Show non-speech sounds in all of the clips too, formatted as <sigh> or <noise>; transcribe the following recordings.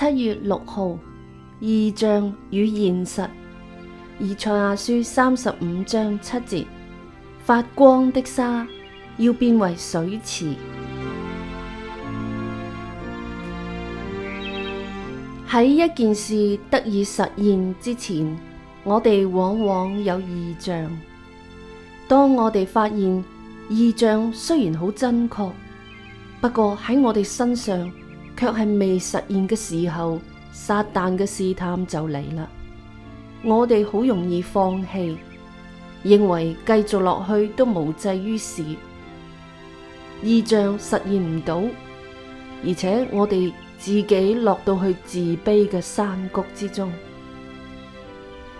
七月六號，異象與現實，以賽亞書三十五章七節：發光的沙要變為水池。喺 <noise> 一件事得以實現之前，我哋往往有異象。當我哋發現異象雖然好真確，不過喺我哋身上。卻係未實現嘅時候，撒旦嘅試探就嚟啦。我哋好容易放棄，認為繼續落去都無濟於事，意象實現唔到，而且我哋自己落到去自卑嘅山谷之中。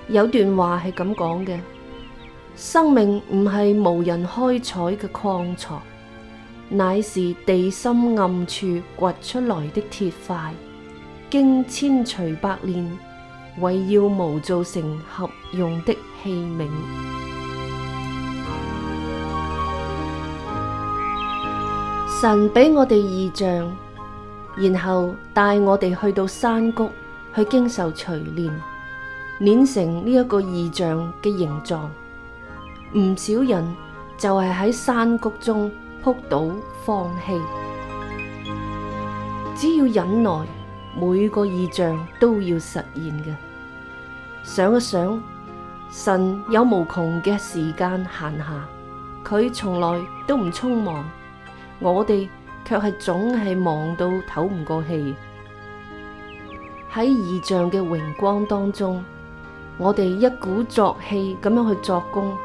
有段話係咁講嘅：生命唔係無人開採嘅礦藏。乃是地心暗處掘出來的鐵塊，經千錘百煉，為要無造成合用的器皿。神俾我哋異象，然後帶我哋去到山谷，去經受錘煉，碾成呢一個異象嘅形狀。唔少人就係喺山谷中，撲倒放棄，只要忍耐，每個異象都要實現嘅。想一想，神有無窮嘅時間閒暇，佢從來都唔匆忙，我哋卻係總係忙到唞唔過氣。喺異象嘅榮光當中，我哋一鼓作氣咁樣去作工，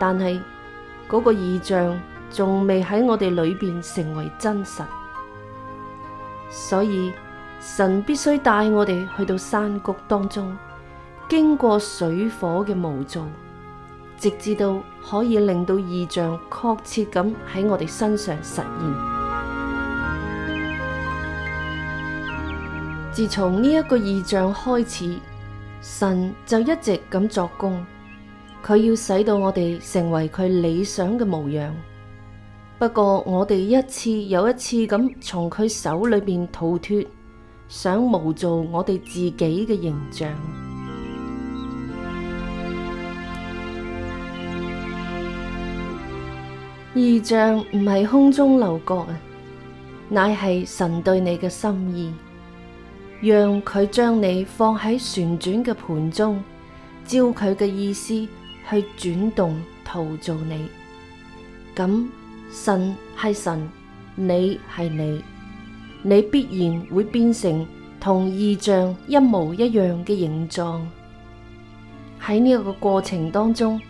但係嗰個異象，仲未喺我哋裏邊成為真實，所以神必須帶我哋去到山谷當中，經過水火嘅模造，直至到可以令到異象確切咁喺我哋身上實現。自從呢一個異象開始，神就一直咁作工，佢要使到我哋成為佢理想嘅模樣。不過我哋一次又一次咁從佢手裏邊逃脫，想模造我哋自己嘅形象。意 <music> 象唔係空中樓閣啊，乃係神對你嘅心意，讓佢將你放喺旋轉嘅盤中，照佢嘅意思去轉動，陶造你咁。神係神，你係你，你必然會變成同意象，一模一樣嘅形狀。喺呢一個過程當中，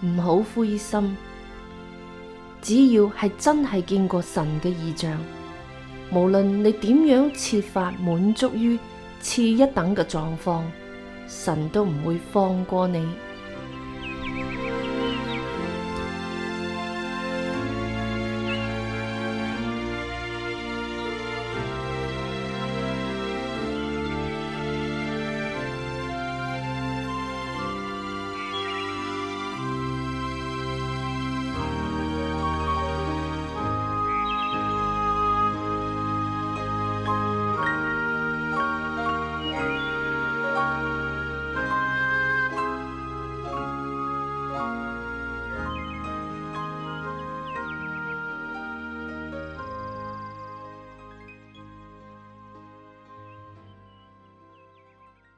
唔好灰心。只要係真係見過神嘅意象，無論你點樣設法滿足於次一等嘅狀況，神都唔會放過你。